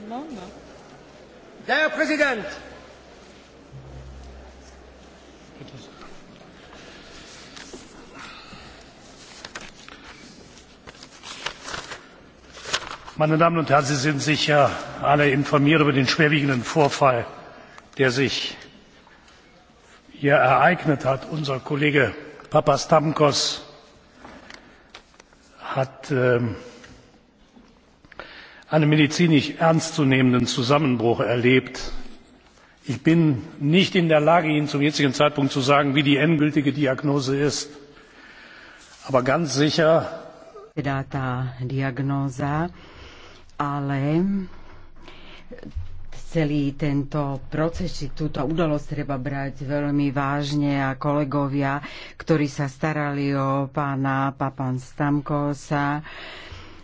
maximum. Der Präsident! Meine Damen und Herren, Sie sind sicher alle informiert über den schwerwiegenden Vorfall, der sich hier ereignet hat. Unser Kollege Papastamkos hat ähm, einen medizinisch ernstzunehmenden zusammenbruch erlebt. ich bin nicht in der lage ihnen zum jetzigen zeitpunkt zu sagen wie die endgültige diagnose ist aber ganz sicher teda ale celý tento proces, či túto udalosť treba brať veľmi vážne a kolegovia, ktorí sa starali o pána Papan Stamkosa,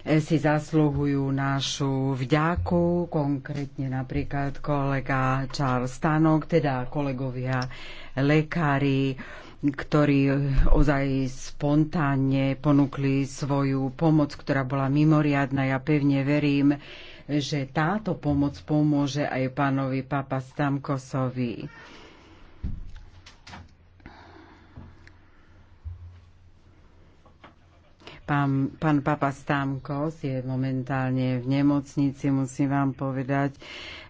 E, si zasluhujú našu vďaku, konkrétne napríklad kolega Charles Stanok, teda kolegovia lekári, ktorí ozaj spontánne ponúkli svoju pomoc, ktorá bola mimoriadna. Ja pevne verím, že táto pomoc pomôže aj pánovi Papa Stamkosovi. Pán, pán Papa Stámkos je momentálne v nemocnici. Musím vám povedať,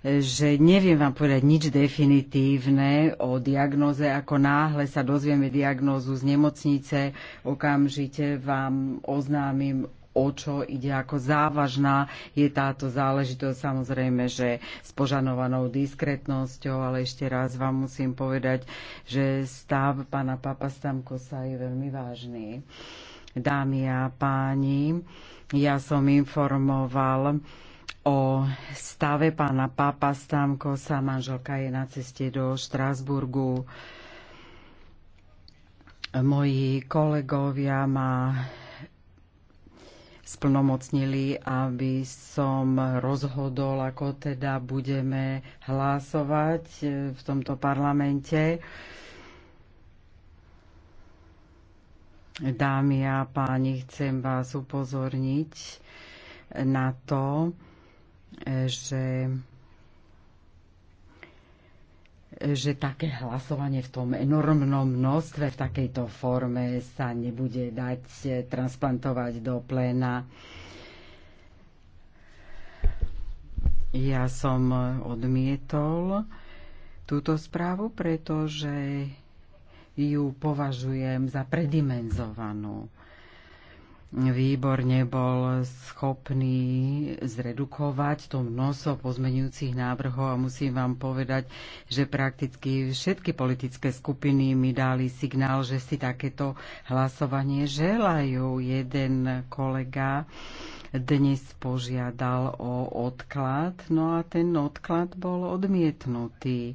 že neviem vám povedať nič definitívne o diagnoze. Ako náhle sa dozvieme diagnózu z nemocnice, okamžite vám oznámim o čo ide, ako závažná je táto záležitosť. Samozrejme, že s požanovanou diskretnosťou, ale ešte raz vám musím povedať, že stav pána papa Papastamkosa je veľmi vážny. Dámy a páni, ja som informoval o stave pána Papa sa Manželka je na ceste do Štrásburgu. Moji kolegovia ma splnomocnili, aby som rozhodol, ako teda budeme hlasovať v tomto parlamente. Dámy a páni, chcem vás upozorniť na to, že že také hlasovanie v tom enormnom množstve, v takejto forme sa nebude dať transplantovať do pléna. Ja som odmietol túto správu, pretože ju považujem za predimenzovanú. Výbor nebol schopný zredukovať to množstvo pozmenujúcich návrhov a musím vám povedať, že prakticky všetky politické skupiny mi dali signál, že si takéto hlasovanie želajú. Jeden kolega dnes požiadal o odklad, no a ten odklad bol odmietnutý.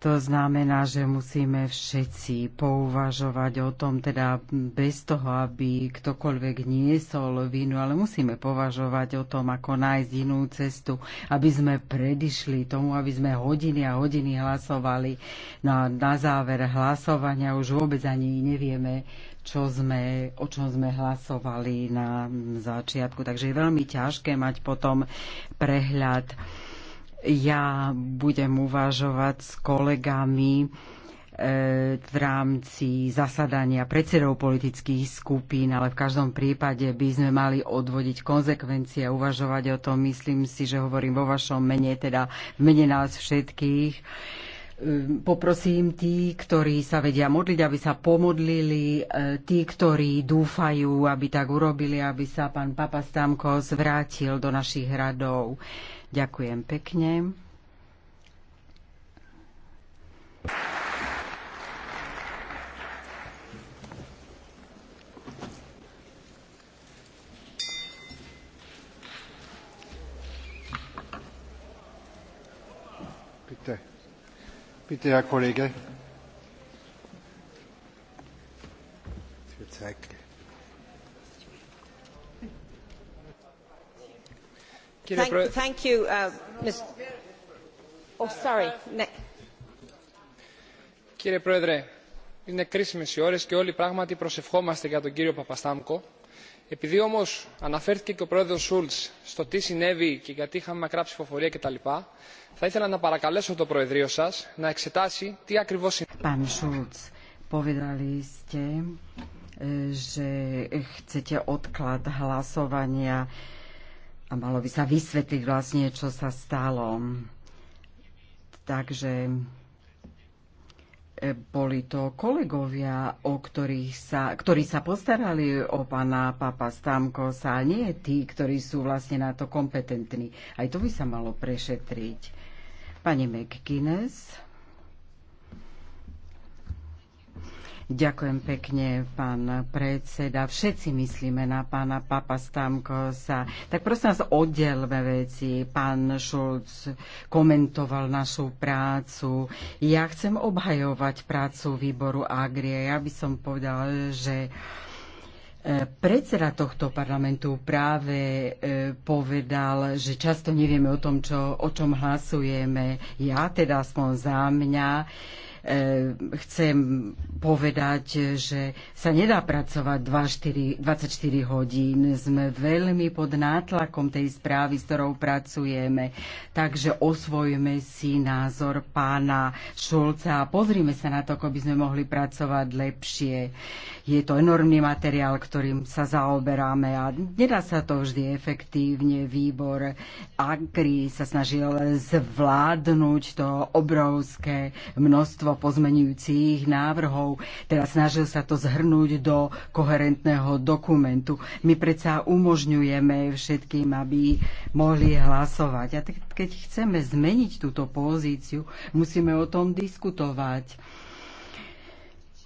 To znamená, že musíme všetci pouvažovať o tom, teda bez toho, aby ktokoľvek niesol vinu, ale musíme považovať o tom, ako nájsť inú cestu, aby sme predišli tomu, aby sme hodiny a hodiny hlasovali. No a na záver hlasovania už vôbec ani nevieme, čo sme, o čom sme hlasovali na začiatku. Takže je veľmi ťažké mať potom prehľad ja budem uvažovať s kolegami e, v rámci zasadania predsedov politických skupín, ale v každom prípade by sme mali odvodiť konzekvencie a uvažovať o tom. Myslím si, že hovorím vo vašom mene, teda v mene nás všetkých Ehm, poprosím tí, ktorí sa vedia modliť, aby sa pomodlili, ehm, tí, ktorí dúfajú, aby tak urobili, aby sa pán Papa Stamko zvrátil do našich hradov. Ďakujem pekne. Bitte, Herr Kollege. Thank, thank you, uh, Oh, sorry. Ne. Κύριε Πρόεδρε, είναι κρίσιμες οι ώρες και όλοι πράγματι προσευχόμαστε για τον κύριο Παπαστάμκο επειδή όμω αναφέρθηκε και ο πρόεδρο Σούλτ στο τι συνέβη και γιατί είχαμε μακρά ψηφοφορία κτλ., θα ήθελα να παρακαλέσω το Προεδρείο σα να εξετάσει τι ακριβώ συνέβη. Pán Šulc, povedali ste, že chcete odklad hlasovania a malo by sa vysvetliť vlastne, čo sa stalo. Takže boli to kolegovia, o ktorých sa, ktorí sa postarali o pána Papa Stamko sa, nie tí, ktorí sú vlastne na to kompetentní. Aj to by sa malo prešetriť. Pani McGuinness. Ďakujem pekne, pán predseda. Všetci myslíme na pána Papa Stamkosa. Tak prosím vás, oddelme veci. Pán Šulc komentoval našu prácu. Ja chcem obhajovať prácu výboru Agrie. Ja by som povedal, že e, Predseda tohto parlamentu práve e, povedal, že často nevieme o tom, čo, o čom hlasujeme. Ja teda aspoň za mňa Eh, chcem povedať, že sa nedá pracovať 24 hodín. Sme veľmi pod nátlakom tej správy, s ktorou pracujeme. Takže osvojme si názor pána Šulca a pozrime sa na to, ako by sme mohli pracovať lepšie je to enormný materiál, ktorým sa zaoberáme a nedá sa to vždy efektívne. Výbor Agri sa snažil zvládnuť to obrovské množstvo pozmenujúcich návrhov, teda snažil sa to zhrnúť do koherentného dokumentu. My predsa umožňujeme všetkým, aby mohli hlasovať. A keď chceme zmeniť túto pozíciu, musíme o tom diskutovať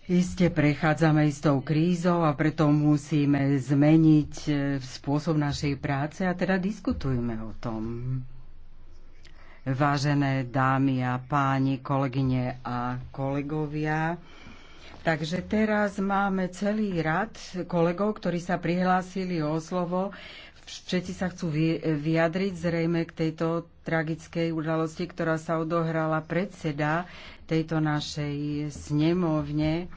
Iste prechádzame istou krízou a preto musíme zmeniť e, spôsob našej práce a teda diskutujme o tom. Vážené dámy a páni, kolegyne a kolegovia, takže teraz máme celý rad kolegov, ktorí sa prihlásili o slovo Všetci sa chcú vyjadriť zrejme k tejto tragickej udalosti, ktorá sa odohrala predseda tejto našej snemovne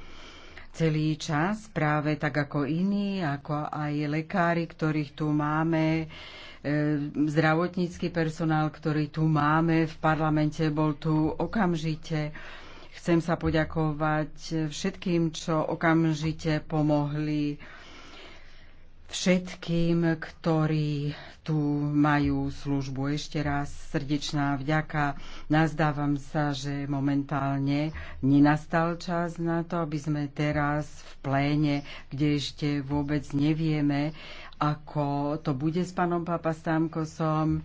celý čas, práve tak ako iní, ako aj lekári, ktorých tu máme, e, zdravotnícky personál, ktorý tu máme v parlamente, bol tu okamžite. Chcem sa poďakovať všetkým, čo okamžite pomohli všetkým, ktorí tu majú službu. Ešte raz srdečná vďaka. Nazdávam sa, že momentálne nenastal čas na to, aby sme teraz v pléne, kde ešte vôbec nevieme, ako to bude s pánom Papastámkosom,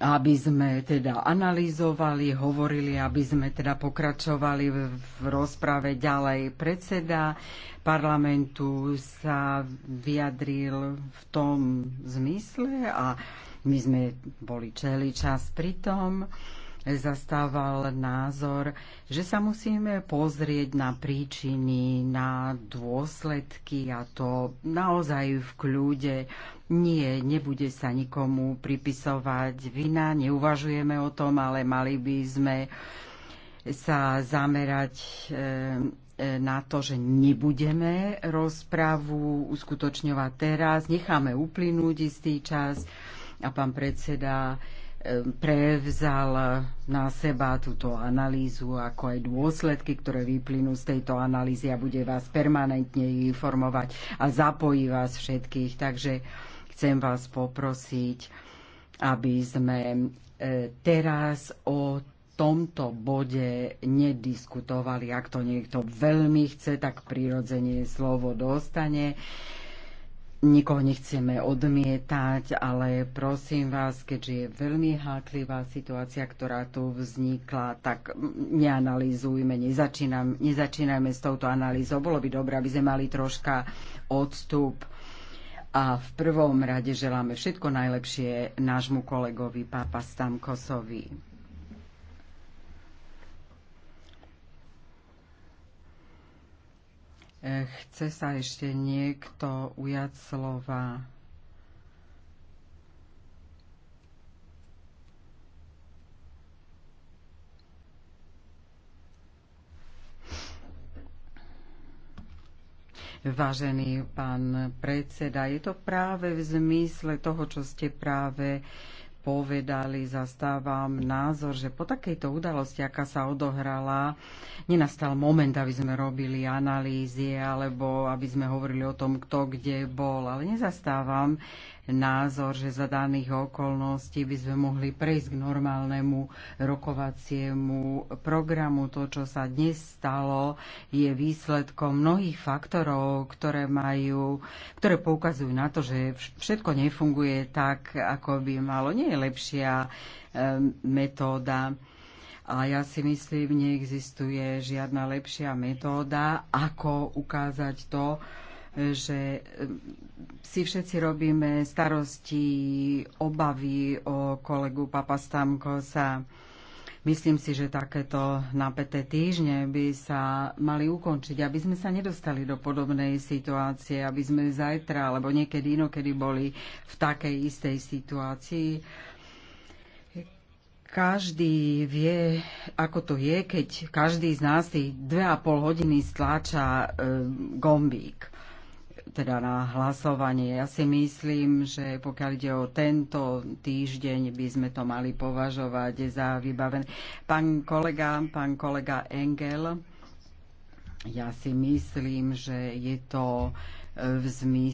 aby sme teda analyzovali, hovorili, aby sme teda pokračovali v, rozprave ďalej. Predseda parlamentu sa vyjadril v tom zmysle a my sme boli čeli čas pri tom, zastával názor, že sa musíme pozrieť na príčiny, na dôsledky a to naozaj v kľude. Nie, nebude sa nikomu pripisovať vina, neuvažujeme o tom, ale mali by sme sa zamerať e, e, na to, že nebudeme rozpravu uskutočňovať teraz, necháme uplynúť istý čas a pán predseda prevzal na seba túto analýzu, ako aj dôsledky, ktoré vyplynú z tejto analýzy a bude vás permanentne informovať a zapojí vás všetkých. Takže chcem vás poprosiť, aby sme e, teraz o tomto bode nediskutovali. Ak to niekto veľmi chce, tak prirodzene slovo dostane nikoho nechceme odmietať, ale prosím vás, keďže je veľmi háklivá situácia, ktorá tu vznikla, tak neanalýzujme, nezačínam, nezačínajme s touto analýzou. Bolo by dobré, aby sme mali troška odstup. A v prvom rade želáme všetko najlepšie nášmu kolegovi Pápa Stamkosovi. Chce sa ešte niekto ujať slova? Vážený pán predseda, je to práve v zmysle toho, čo ste práve povedali, zastávam názor, že po takejto udalosti, aká sa odohrala, nenastal moment, aby sme robili analýzie alebo aby sme hovorili o tom, kto kde bol. Ale nezastávam názor, že za daných okolností by sme mohli prejsť k normálnemu rokovaciemu programu. To, čo sa dnes stalo, je výsledkom mnohých faktorov, ktoré, majú, ktoré poukazujú na to, že všetko nefunguje tak, ako by malo. Nie je lepšia eh, metóda. A ja si myslím, neexistuje žiadna lepšia metóda, ako ukázať to, že e, si všetci robíme starosti, obavy o kolegu sa Myslím si, že takéto napäté týždne by sa mali ukončiť, aby sme sa nedostali do podobnej situácie, aby sme zajtra alebo niekedy inokedy boli v takej istej situácii. Každý vie, ako to je, keď každý z nás tých dve a pol hodiny stláča e, gombík teda na hlasovanie. Ja si myslím, že pokiaľ ide o tento týždeň, by sme to mali považovať za vybavené. Pán kolega, pán kolega Engel, ja si myslím, že je to v zmysle